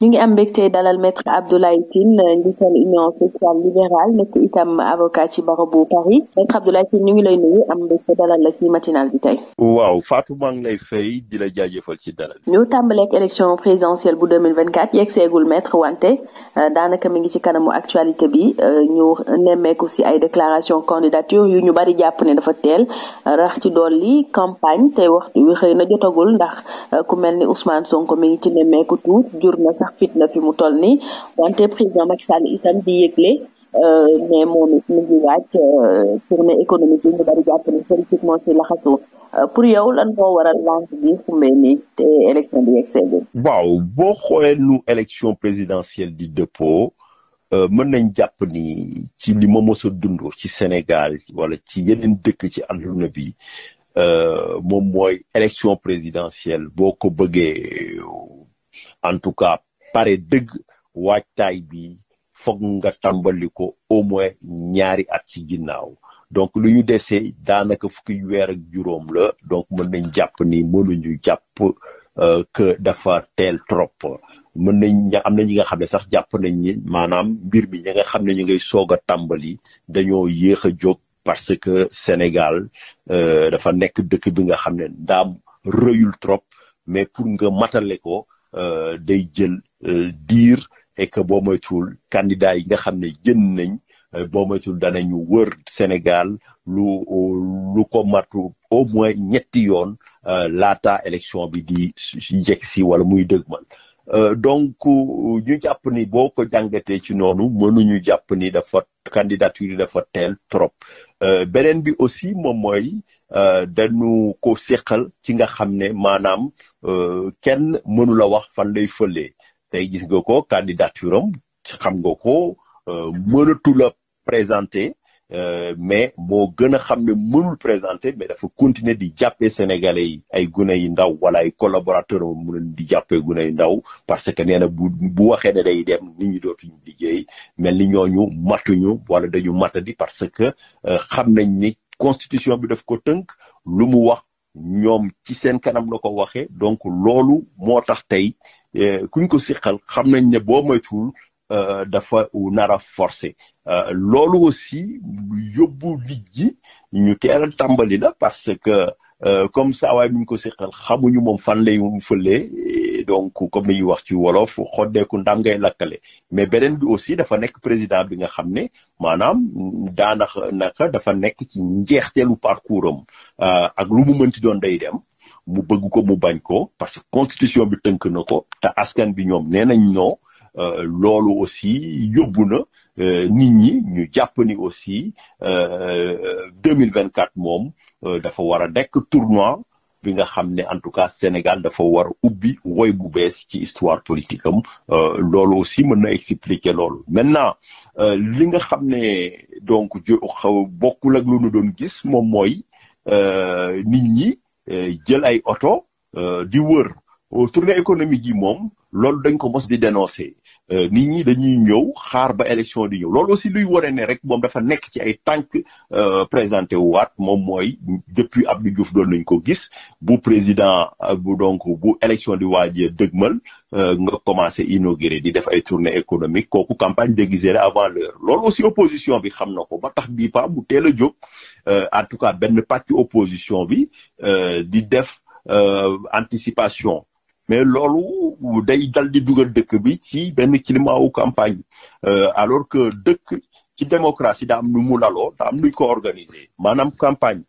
ñu ngi am mbégte dalal maître Abdoulaye Tine njiital union sociale libérale nekk itam avocat ci barreau bu Paris maître Abdoulaye Tine ñu ngi lay nuyu am mbégte dalal la ci matinal bi tey. waaw Fatou maa ngi lay fay di la jaajëfal ci dalal. ñu tàmbaleeg élection présidentielle bu 2024 yegg seegul maître wante euh, daanaka mi ngi ci kanamu actualité bi euh, ñu nemmeeku si ay déclaration candidature yu ñu bari jàpp ne dafa teel euh, rax ci dolli campagne te waxtu wi xëy na jotagul ndax ku mel ni Ousmane Sonko mi ngi ci sax fitna fi mu toll nii wante président Macky Sall itam di yëgle euh, ne moom it mu ngi euh, tournée économique yi ñu bari jàpp ne politiquement ci laxasu euh, pour yow lan moo waral langue bi xumbee nii te élection bi yegg seegul waaw boo xoolee nu élection présidentielle di dëppoo mën nañ jàpp ni ci li ma mos a ci Sénégal wala ci yeneen dëkk ci àdduna bi moom mooy élection présidentielle boo ko bëggee en tout cas pare dëgg waajtaay bi foog nga tàmbali ko au moins ñaari at ci ginnaaw donc lu ñu desee daanaka fukki weer ak juróom la donc mën nañ jàpp ni mënuñu jàpp euh, que dafa teel trop mën nañ am na ñi nga xam ne sax jàpp nañ ni maanaam mbir mi ñi nga xam ne ñu ngay soog a tàmbali dañoo yéex a jóg parce que Sénégal euh, dafa nekk dëkk bi nga xam ne ndaam rëyul trop mais pour nga matale ko Euh, day jël euh, diir et que boo moytuwul candidat yi nga xam ne jën nañ euh, boo dana ñu wër Sénégal lu lu ko matu au moins ñetti yoon laata élection bi di jegg si wala muy dëgmal donc ñu jàpp ni boo ko jàngatee ci noonu mënuñu jàpp ni dafa candidature yi dafa teel trop Euh, beneen bi aussi moom mooy euh, dañu ko seqal ci nga xam ne maanaam euh, kenn mënu la wax fan lay fëlee tey gis nga ko candidature xam nga ko mënatu la présenté Euh, mais moo gën a xam ne mënul présenter mais dafa continuer di jàppee sénégalais yi ay gune yu ndaw wala ay collaborateur am mu leen di jàppee gune yu ndaw parce que nee bu bu waxee ne day dem nit ñi dootuñu liggéey mel ni ñooñu matuñu wala dañu matadi parce que euh, xam nañ ni constitution bi daf ko tënk lu mu wax ñoom ci seen kanam la ko waxee donc loolu moo tax tey euh, kuñ ko siqal xam nañ ne boo moytuwul Euh, dafa nar a forcé euh, loolu aussi yóbbu nit ñu teel a tàmbali la parce que euh, comme saa waay mi ko seqal xamuñu moom fan lay fëlee donc comme ni ñuy wax ci wolof xoddeeku ndam ngay lakkale mais beneen bi aussi dafa nekk président bi nga xam ne maanaam daanax naka dafa nekk ci njeexteelu parcours am ak lu mu mënti doon day dem. mu bëgg ko mu bañ ko parce que constitution bi tënk na ko te askan bi ñoom nee nañ ñoo Euh, loolu aussi yóbbu na euh, nit ñi ñu jàpp ni aussi euh, deux mille vingt quatre moom dafa war a nekk tournoi bi nga xam ne en tout cas Sénégal dafa war ubbi woy bu bees ci histoire politique am loolu aussi mën na expliquer loolu maintenant li nga xam ne donc xaw bokkul ak lu doon gis moom mooy nit ñi jël ay oto di wër tournée économique yi moom loolu dañ ko mos di dénoncer euh, nit ñi dañuy ñëw xaar ba élection di ñëw loolu aussi luy wone ne rek moom dafa nekk ci ay tànk euh, présenter wu waat moom mooy depuis Abdou Diouf doon nañ ko gis bu président euh, bu donc bu élection di waajee dëgmal nga commencé inauguré di def ay tournée économique kooku campagne déguisée la avant l'heure loolu aussi opposition bi xam na ko ba tax bii pa mu teel a jóg en tout cas benn pàcc opposition bi di def anticipation mais loolu day dal di dugal dëkk bi ci benn climat wu campagne euh, alors que dëkk ci démocratie daa am nu mu laloo daa am nuñ ko organiser maanaam campagne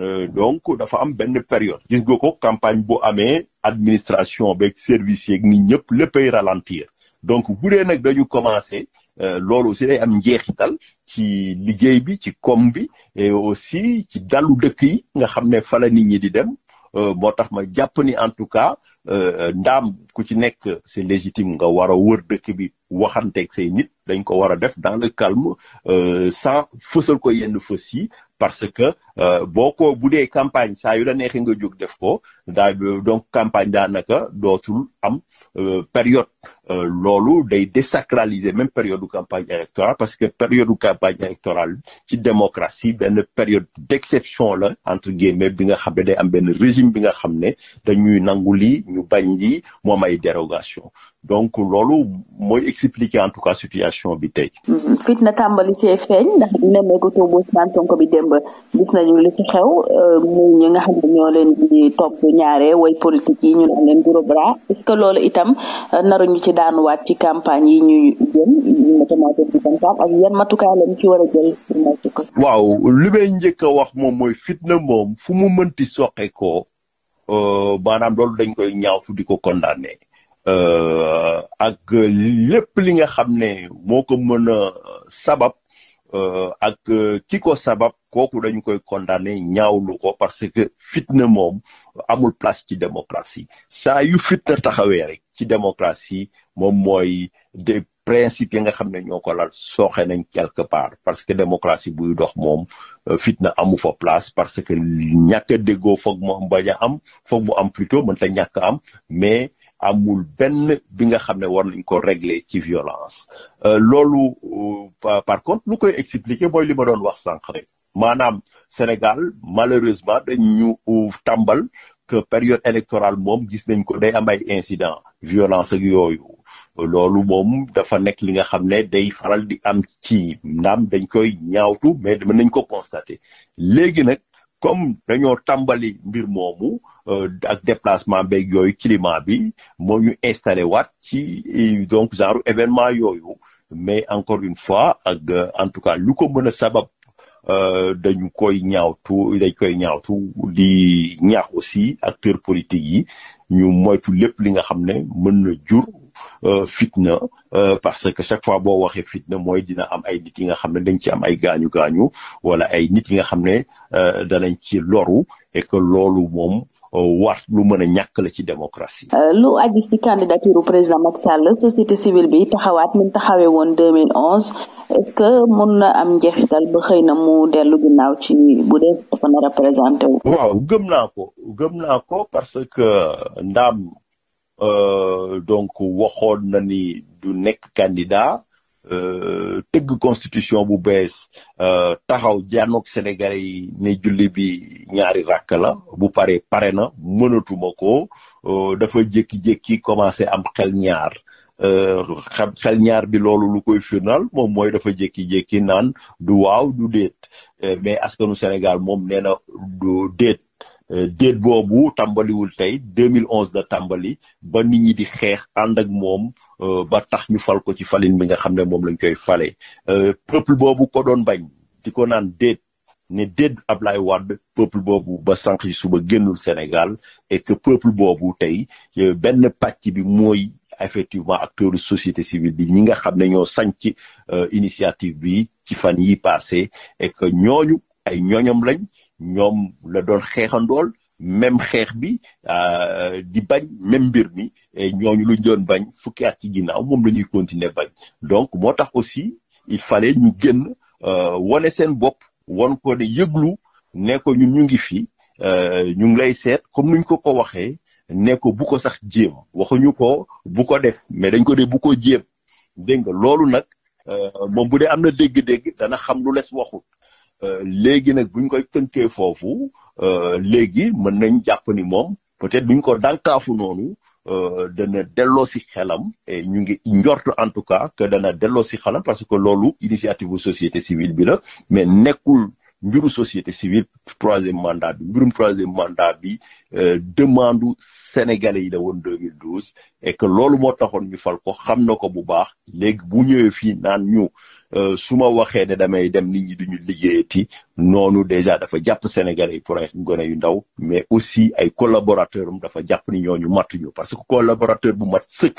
euh, donc dafa am benn période gis nga ko campagne bu amee administration beeg service yeeg ni ñëpp léppay ralentir donc bu dee nag dañu commencé euh, loolu aussi day am njeexital ci liggéey bi ci kom bi et aussi ci dalu dëkk yi nga xam ne fala la nit ñi di dem boo euh, tax ma jàpp ni en tout cas euh, ndaam ku ci nekk c'est légitime nga war a wër dëkk bi waxanteeg say nit dañ ko war a def dans le calme euh, sans fësal ko yenn fës yi parce que euh, boo ko bu dee campagne saa yu la neexee nga jóg def ko daa donc campagne daanaka dootul am euh, période loolu day désacraliser même période du campagne électorale parce que période du campagne électorale ci démocratie benn période d'exception la entre guillemets bi nga xam ne day am benn régime bi nga xam ne dañuy nangu lii ñu bañ lii mu am ay dérogation donc loolu mooy expliquer en tout cas situation situation bi tey. Mm-hmm. fitna tàmbali see feeñ ndax nemmeeku tuubu Ousmane Sonko bi démb gis nañu li ci xew euh, muy ñi nga xam ne ñoo leen di topp ñaare way politique yi ñu naan leen gros bras est que loolu itam euh, naruñu ci daanuwaat ci campagne yi ñuy jëm notamment ci ci war jël waaw li may njëkk a wax moom mooy fitna moom fu mu mënti soqe ko euh, maanaam loolu dañ koy ñaaw fu di ko Euh, ak lépp li nga xam ne moo ko mën a sabab euh, ak ki ko sabab kooku dañu koy condamné ñaawlu ko parce que fitna moom amul place ci démocratie saa yu fitna taxawee rek ci démocratie moom mooy des principes yi nga xam ne ñoo ko sooxe nañ quelque part parce que démocratie buy dox moom euh, fitna amu fa place parce que ñàkk a déggoo foog mu am bañ a am foog mu am plutôt mënta ñàkk am mais amul benn bi nga xam ne war nañ ko réglé ci violence euh, loolu euh, par contre lu koy expliquer mooy li ma doon wax sànq rek maanaam Sénégal malheureusement dañu tàmbal que période électorale moom gis nañ ko day am ay incident violence ak yooyu loolu moom dafa nekk li nga xam ne day faral di am ci naam dañ koy ñaawtu mais mën nañ ko constater léegi nag comme dañoo tàmbali mbir moomu euh, ak déplacement beeg yooyu climat bi moo ñu installé waat ci donc genre événement yooyu mais encore une fois ak en tout cas lu ko mën a sabab euh, dañu koy ñaawtu dañ koy ñaawtu di ñaax aussi acteurs politiques yi ñu moytu lépp li nga xam ne mën na jur Euh, fitna euh, parce que chaque fois boo waxee fitna mooy dina am ay nit yi nga xam ne dañ ci am ay gaañu gaañu wala ay nit yi nga xam ne euh, dalañ ci loru et que loolu war lu mën a ñàkk la ci démocratie. lu aju ci candidature président Macky Sall société civile bi taxawaat ni mu taxawee woon 2011 est-ce que mun na am njeexital ba xëy na mu dellu ginnaaw ci bu dee dafa na représenté gëm naa ko gëm naa ko parce que ndaam Euh, donc waxoon na ni du nekk candidat euh, tëgg constitution bu bees euh, taxaw janook sénégalais yi ne julli bi ñaari rakk la bu paree pare na mënatuma ko dafa jékki-jékki commencé am xel ñaar xam xel ñaar bi loolu lu koy firnaal moom mooy dafa jékki-jékki naan du waaw du déet mais askanu Sénégal moom nee na du déet Euh, déet boobu tàmbaliwul tey 2011 la tàmbali ba nit ñi di xeex ànd ak moom euh, ba tax ñu fal ko ci falin bi nga xam ne moom lañ koy fale euh, peuple boobu ko doon bañ di ko naan déet ne déet Ablaye Wade peuple boobu ba sànq yi suba génnul Sénégal et que peuple boobu tey benn pàcc bi mooy effectivement acteur société civile bi ñi nga xam ne ñoo sànc initiative bi ci fan yi passé et que ñooñu ay ñooñam lañ ñoom la doon xeexandool même xeex bi euh, di bañ même mbir mi e ñooñu lu jon bañ fukki at ci ginnaaw moom la ñuy continuer bañ donc moo tax aussi il fallait ñu génn euh, wane seen bopp won ko ne yëglu ñu ngi e ñu ngi lay seet comme nuñ ko ko waxee ne ko bu ko sax jéem waxuñu ko bu ko def mais dañ ko de bu ko jéem dégg nga loolu nag moom bu dee am na dégg dana xam lu les waxul Euh, léegi nag buñ koy tënkee foofu euh, léegi mën nañ jàpp ni moom peut-être buñ ko dànkaafu noonu euh, dana delloo si xelam et ñu ngi njort en tout cas que dana delloo si xelam parce que loolu initiative société civile bi la mais nekkul mbiru société civile troisième mandat bi mbirum troisième mandat bi euh, demande sénégalais yi la woon 2012 et que loolu moo taxoon ñu fal ko xam na ko bu baax léegi bu ñëwee fii naan ñu euh, su ma waxee ne damay dem nit ñi duñu liggéeyati noonu déjà dafa jàpp sénégalais yi pour ay gone yu ndaw mais aussi ay collaborateurs am dafa jàpp ni ñooñu matuñu parce que collaborateur bu mat sëkk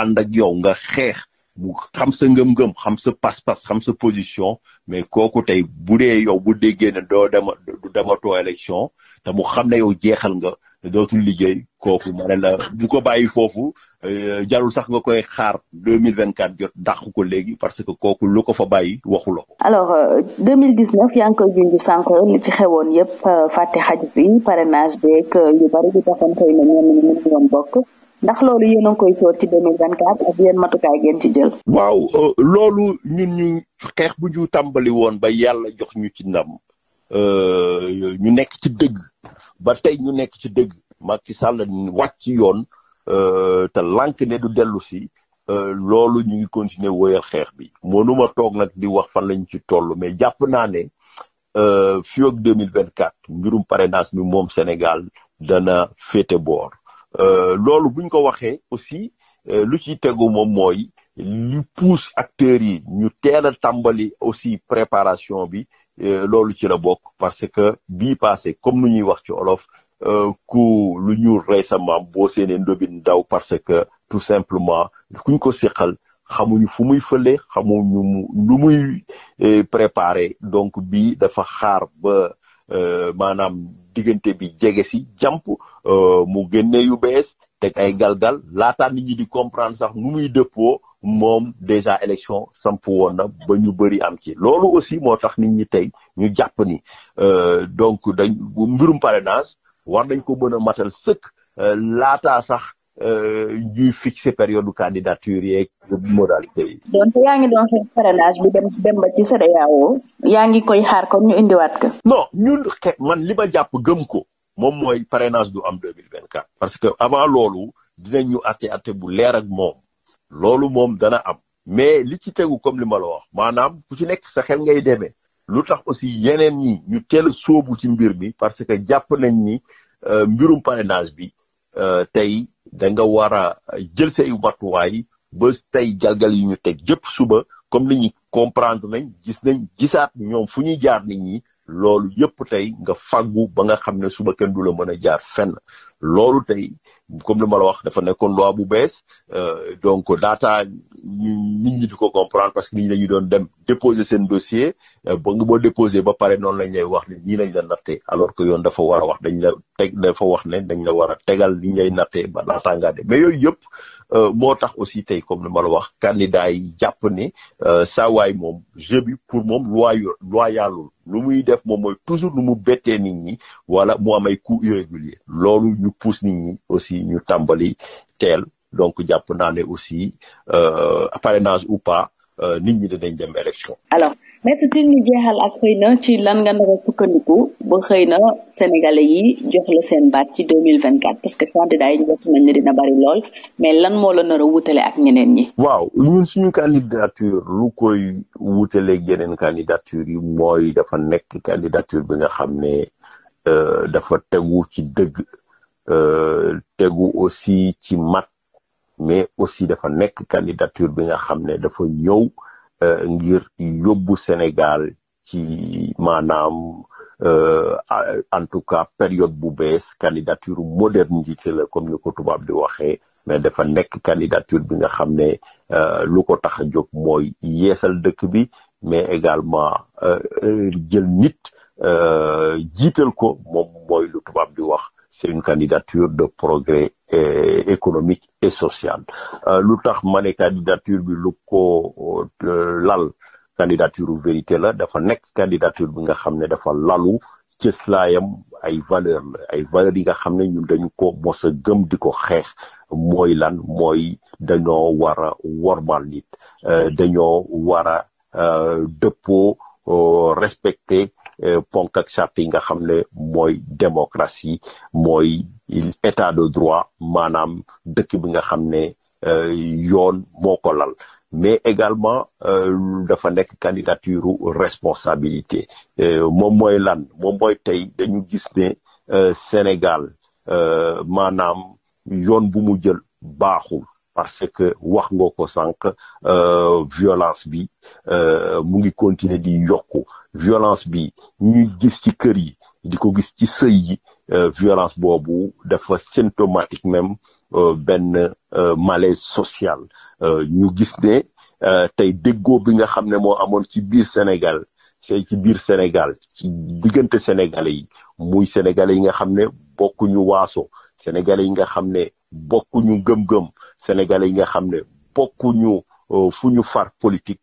ànd ak yow nga xeex mu xam sa ngëm-ngëm xam sa pas-pas xam sa position mais kooku tey bu dee yow bu déggee ne doo dema du dematoo te mu xam ne yow jeexal nga dootul liggéey kooku ma ne la bu ko bàyyi foofu euh, jarul sax nga koy xaar deux mille vingt quatre jot dàq ko léegi parce que kooku lu ko fa bàyyi waxu lo ko. alors euh, deux mille dix neuf yaa ngi koy junj sànq li ci xewoon yëpp euh, fàtte xaj fi parrainage beeg yu bari di taxoon xëy na ñenn ñi ñu doon ndax loolu yéen koy sóor ci waaw euh, loolu ñun ñu xeex bu ñu tàmbali woon ba yàlla jox ñu ci ndam euh, ñu nekk ci dëgg ba tey ñu nekk ci dëgg Macky Sall wàcc yoon euh, te lànk ne du dellu si. loolu ñu ngi continuer woyal xeex bi mënuma toog nag di wax fan lañ ci toll mais jàpp naa ne fii ak deux mille vingt quatre mbirum parrainage bi moom Sénégal dana féete boor Euh, loolu buñ ko waxee aussi euh, lu ci tegu moom mooy li pousse acteurs yi ñu teel a tàmbali aussi préparation bi euh, loolu ci la bokk parce que bii passé comme nu ñuy wax ci olof ku lu ñuul rey sa maam boo seenee ndobin daw parce que tout simplement kuñ ko siqal xamuñu fu muy fële xamuñu lu muy préparé donc bi dafa xaar ba Euh, maanaam diggante bi jege si jàmp euh, mu génne yu bees teg ay galgal laataa nit ñi di comprendre sax nu muy dëppoo moom déjà élection samp woon na ba ñu bëri am ci loolu aussi moo tax nit ñi tey ñu jàpp ni euh, donc dañ mbirum parrainage war nañ ko mën a matal sëkk laataa sax Euh, ñuy fixer yaa ngi doon xeex parrainage bi dem ba ci CEDEAO yaa ngi koy xaar kon ñu indiwaat ko. non ñun man li ma jàpp gëm ko moom mooy parrainage du am deux mille vingt quatre. parce que avant loolu dinañu atte atte bu leer ak moom loolu moom dana am. mais li ci tegu comme li ma la wax maanaam ku ci nekk sa xel ngay demee lu tax aussi yeneen ñi ñu teel a ci mbir mi parce que jàpp nañ ni euh, mbirum parrainage bi euh, tey. da nga war a jël say matuwaay ba tey galgal yu ñu teg yëpp suba comme ni ñu comprendre nañ gis nañ gisaat ñoom fu ñuy jaar nit ñi loolu yëpp tey nga faggu ba nga xam ne suba kenn du la mën a jaar fenn loolu tey comme li ma la wax dafa nekkoon loi bu bees euh, donc daataa nit ñi ko comprendre parce que ni ñi dañu doon dem déposer seen dossier euh, ba nga boo déposer ba pare noonu lañ lay wax ne ñii lañ la nattee alors que yoon dafa war a wax dañ la teg dafa wax ne dañ la war a tegal li lay nattee ba daataa ngaa de mais yooyu yëpp euh, moo tax aussi tey comme li ma la wax candidat yi jàpp ne saa waay moom jeu bi pour moom loy loyalul lu muy def moom mooy toujours lu mu bettee nit ñi wala mu am ay coûts irréguliers loolu pousse nit ñi aussi ñu tàmbali teel donc jàpp naa ne aussi euh, parrainage ou pas euh, nit ñi dinañ dem élection. alors maître Tine ñu jeexal ak xëy ci lan nga nar a sukkandiku ba xëy na sénégalais yi jox seen baat ci deux mille vingt quatre parce que candidat yi njort lan moo la nar a wutale ak ñeneen ñi. waaw ñun suñu candidature lu koy wutaleeg yeneen candidature yi dafa nekk candidature bi nga xam ne euh, dafa tegu ci dëgg. Euh, tegu aussi ci mat mais aussi dafa nekk candidature bi nga xam ne dafa ñëw euh, ngir yóbbu Sénégal ci maanaam euh, en tout cas période bu bees candidature modernité la comme ni ko tubaab di waxee mais dafa nekk candidature bi nga xam ne lu ko tax a jóg mooy yeesal dëkk bi mais également jël nit jiital ko moom mooy lu tubaab di wax c'est une candidature de progrès euh, économique et social euh, lu tax ma candidature bi lu ko euh, lal candidature vérité la dafa nekk candidature bi nga xam ne dafa lalu cëslaayam ay valeur la ay valeurs yi nga xam ne ñun dañu ko mos a gëm di ko xeex mooy lan mooy dañoo war a wormal nit dañoo war a dëppoo respecter Euh, ponk ak yi nga xam ne mooy démocratie mooy état de droit maanaam dëkk bi nga xam ne euh, yoon moo ko lal mais également euh, dafa nekk candidature responsabilité moom mooy lan moom mooy tey dañu gis ne Sénégal maanaam yoon bu mu jël baaxul parce que wax nga ko sànq violence bi mu ngi continuer di yokku violence bi ñuy gis ci kër yi di ko gis ci sëy yi euh, violence boobu dafa symptomatique même euh, benn euh, malaise sociale ñu gis ne tey déggoo bi nga xam ne moo amoon ci biir Sénégal c'est ci biir Sénégal ci diggante sénégalais yi muy sénégalais yi nga xam ne bokkuñu waaso sénégalais yi nga xam ne bokkuñu gëm-gëm sénégalais yi nga xam ne bokkuñu fu ñu far politique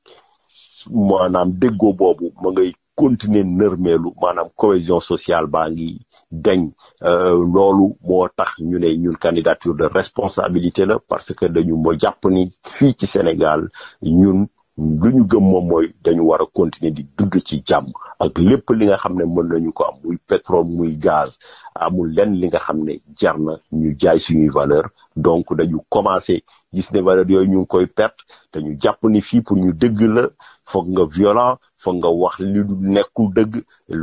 maanaam déggoo boobu ma ngay continuer nërmeelu maanaam cohésion sociale baa ngi dañ euh, loolu moo tax ñu ne ñun candidature de responsabilité la parce que dañu ma jàpp ni fii ci Sénégal ñun lu ñu gëm moom mooy dañu war a continuer di dund ci jàmm ak lépp li nga xam ne mën nañu ko am muy pétrole muy gaz amul lenn li nga xam ne jar na ñu jaay suñuy valeur donc dañu commencer gis ne valeur yooyu ñu ngi koy perte te ñu jàpp ni fii pour ñu dëgg la foog nga violent foog nga wax li du nekkul dëgg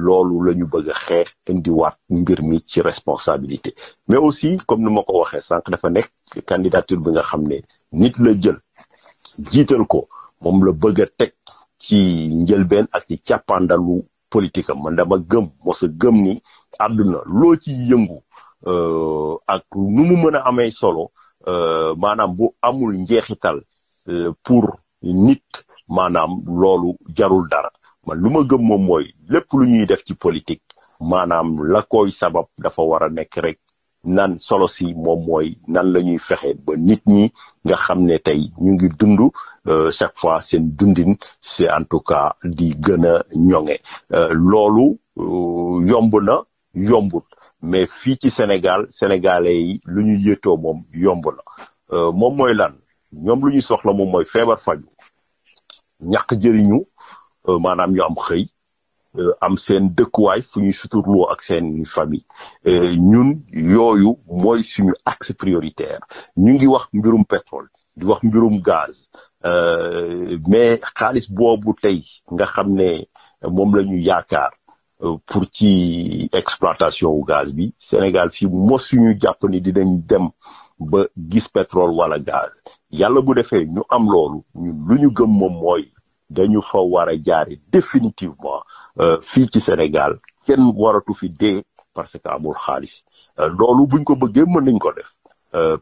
loolu la ñu bëgg a xeex indiwaat mbir mi ci responsabilité mais aussi comme ni ma ko waxee sànq dafa nekk candidature bi nga xam ne nit la jël jiital ko moom la bëgg a teg ci njëlbeen ak ci càppandalu politique am man dama gëm mos gëm ni àdduna loo ci yëngu euh, ak nu mu mën a amee solo Euh, maanaam bu amul njeexital euh, pour nit maanaam loolu jarul dara man lu ma gëm moom mooy lépp lu ñuy def ci politique maanaam la koy sabab dafa war a nekk rek nan solo si moom mooy nan la ñuy fexe ba nit ñi nga xam ne tey ñu ngi dund euh, chaque fois seen dundin c'est en tout cas di gën a ñoŋe loolu yomb na yombut mais fii ci Sénégal sénégalais yi lu ñu yëtoo moom yomb na euh, moom mooy lan ñoom lu ñu soxla moom mooy feebar faju ñàkk jëriñu euh, maanaam ñu am xëy euh, am seen dëkkuwaay fu ñuy suturloo ak seen famille ñun yooyu mooy suñu axe prioritaire ñu ngi wax mbirum pétrole di wax mbirum gaz mais xaalis boobu tey nga xam ne moom la ñu yaakaar Euh, pour ci exploitation wu gaz bi Sénégal fii mosuñu jàpp ni dañ dem ba gis pétrole wala gaz yàlla bu defee ñu am loolu lu ñu gëm moom mooy dañu fa war a jaare définitivement euh, fii ci Sénégal kenn waratu fi dee parce que amul xaalis euh, loolu buñ ko bëggee mën nañ ko def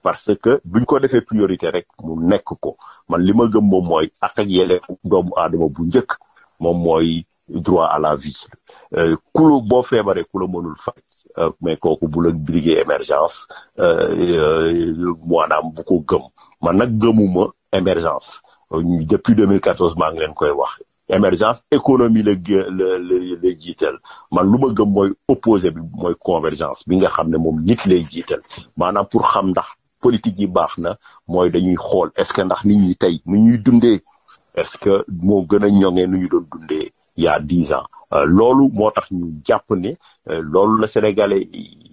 parce que buñ ko defee priorité rek mu nekk ko man li ma gëm moom mooy ak ak yelleefu doomu aadama bu njëkk moom mooy droit à la vie euh, ku la boo feebaree ku la mënul faj euh, mais kooku bu la briguer émergence euh, maanaam bu ko gëm man nag gëmuma émergence depuis 2014 maa ngi leen koy wax emergence économie la la la jiital man lu ma gëm mooy opposé mooy convergence bi nga xam ne moom nit lay jiital maanaam pour xam ndax politique yi baax na mooy dañuy xool est-ce que ndax nit ñi tey nu ñuy dundee est-ce que moo gën a ñoŋee nu ñu doon dundee ya y a euh, loolu moo tax ñu jàpp ne euh, loolu la sénégalais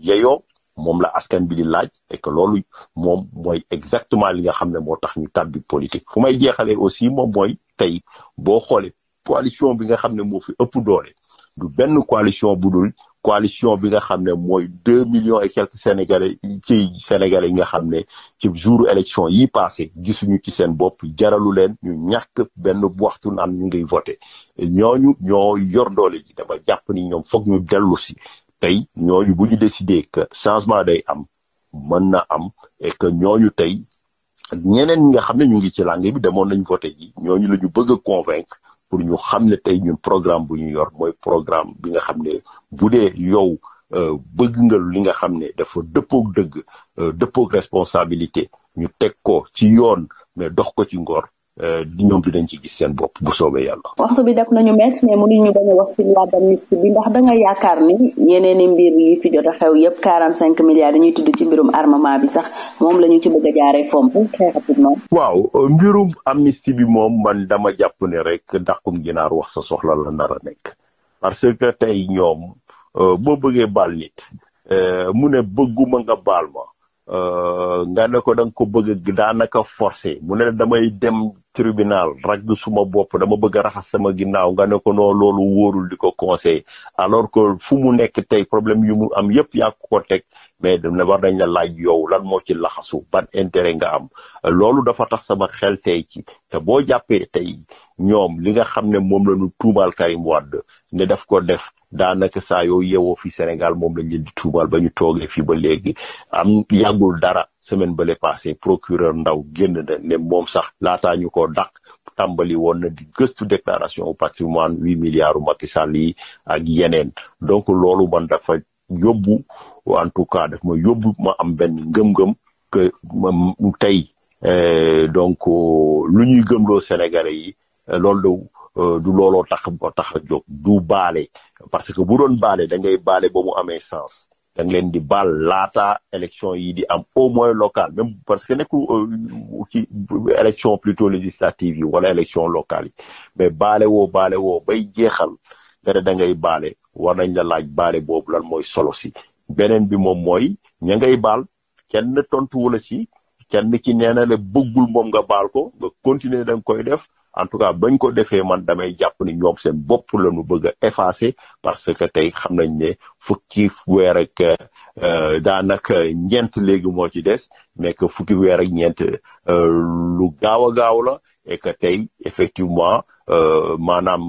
yeyoo moom la askan bi di laaj et loolu moom mooy exactement li nga xam ne moo tax ñu tàbbi politique fu may jeexalee aussi moom mooy tey boo xoolee coalition bi nga xam ne moo fi ëpp doole du benn coalition bu dul coalition bi nga xam ne mooy deux millions et quelques sénégalais ci sénégales yi nga xam ne ci jour élection yi passé gisuñu ci seen bopp jaralu leen ñu ñàkk benn waxtu naan ñu ngi voté ñooñu ñoo yor doole ji dama jàpp ni ñoom foog ñu dellu si tey ñooñu bu ñu décidé que changement day am mën na am et ñooñu tey ak ñeneen ñi nga xam ne ñu ngi ci langue bi demoon nañ voté ji ñooñu la ñu bëgg a convaincre pour ñu xam ne tey ñun programme bu ñu yor mooy programme bi nga xam ne bu dee yow euh, bëgg nga li nga xam ne dafa dëppoog dëgg euh, dëppoog responsabilité ñu teg ko ci yoon mais dox ko ci ngor Euh, ñoom dinañ ci gis seen bopp bu soobee yàlla. waxtu bi def nañu métti mais mënuñu bañ a wax ci da nga yaakaar ni yeneen i mbir yi fi jot a dañuy tudd ci mbirum armement bi sax moom la ñu ci bëgg a jaaree fomp très rapidement. waaw mbirum bi moom man dama jàpp ne rek dàqum ginaar wax sa soxla la nar nekk parce que tey ñoom euh, boo bëggee baal nit euh, mu ne bëgguma nga baal ma. Euh, nga ne ko da nga ko bëgg daanaka forcé mu ne damay dem tribunal ragg suma bopp dama bëgg raxas sama ginnaaw nga ne ko noo loolu wóorul di ko conseil alors que fu mu nekk tey problème yu mu am yëpp yaa ko teg mais dina war nañ la laaj yow lan moo ci laxasu ban intérêt nga am loolu dafa tax sama xel tey te boo jàppee tey ñoom li nga xam ne moom la ñu tuumaal Karim Wade ne daf ko def daanaka saa yoo yeewoo fi Sénégal moom la leen di tuumaal ba ñu toogee fii ba léegi am yàggul dara semaine ba le passé procureur ndaw génn ne moom sax laataa ñu ko dàq tàmbali woon na di gëstu déclaration au patrimoine huit milliards u Macky Sall yi ak yeneen donc loolu man dafa yóbbu en tout cas daf ma yóbbu ma am benn ngëm-ngëm que tey euh, donc euh, lu ñuy gëmloo Sénégalais yi euh, loolu Euh, du looloo tax tax a jóg du baale parce que bu doon baale da ngay baale ba mu amee sens da nga leen di baal laata élection yi di am au moins locale même parce que nekku euh, ci élection plutôt législative yi wala élection locale yi mais baale woo baale woo bay jeexal nga ne da ngay baale war nañ la laaj baale boobu lan mooy solo si beneen bi moom mooy ña ngay baal kenn tontu wala si kenn ki nee na la bëggul moom nga baal ko nga continuer da nga koy def en tout cas bañ ko defee man damay jàpp ni ñoom seen bopp la ñu bëgg a effacer parce que tey xam nañ ne fukki weer ak euh, daanaka ñeent léegi moo ci des mais que fukki weer ak ñeent euh, lu gaaw a gaaw la et tey effectivement euh, maanaam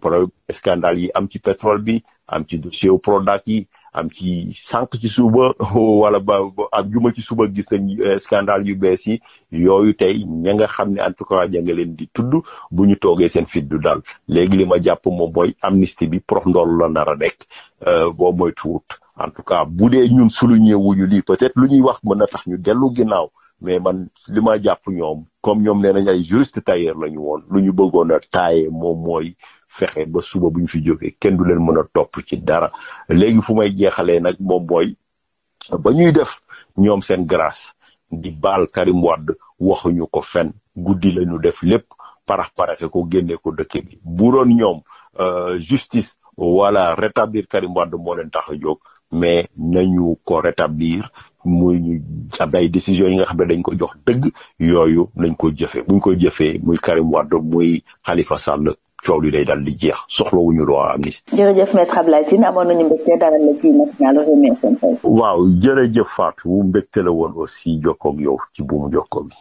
pro scandale yi am ci pétrole bi am ci dossier Prodac yi am ci sànq ci suba wala ba am juma ci suba gis nañ eh, scandale yu bees yi yooyu tey ña nga xam ne en tout cas ña nga leen di tudd bu ñu toogee seen fit du daal léegi li ma jàpp moom mooy amnistie bi prox ndool la nar a nekk eh, boo mooy tuut en tout cas bu dee ñun souligné wuñu lii peut-être lu ñuy wax mën na tax ñu dellu ginnaaw mais man li ma jàpp ñoom comme ñoom nee nañ ay juriste tailleur la ñu woon lu ñu bëggoon a taaye moom mooy fexe ba suba bu ñu fi jógee kenn du leen mën a topp ci dara léegi fu may jeexalee nag moom mooy ba ñuy def ñoom seen grâce di baal Karim Wade waxuñu ko fen guddi lañu def lépp parax paraxe ko génne ko dëkk bi bu ñoom euh, justice wala rétablir Karim Wade moo leen tax a jóg mais ñu ko rétablir muy ab ay décisions yi nga xam ne dañ ko jox dëgg yooyu nañ ko jëfee buñ ko jëfee muy Karim Wade muy xalifa Sall coow li day daal di jeex soxlawuñu loi amnistie. jërëjëf maître Abdoulaye Tine amoon nañu mbégte dalal la ci matinale Rewmi FM. waaw jërëjëf Fatou mbégte la woon aussi jokkoog yow ci buumu jokkoo bi.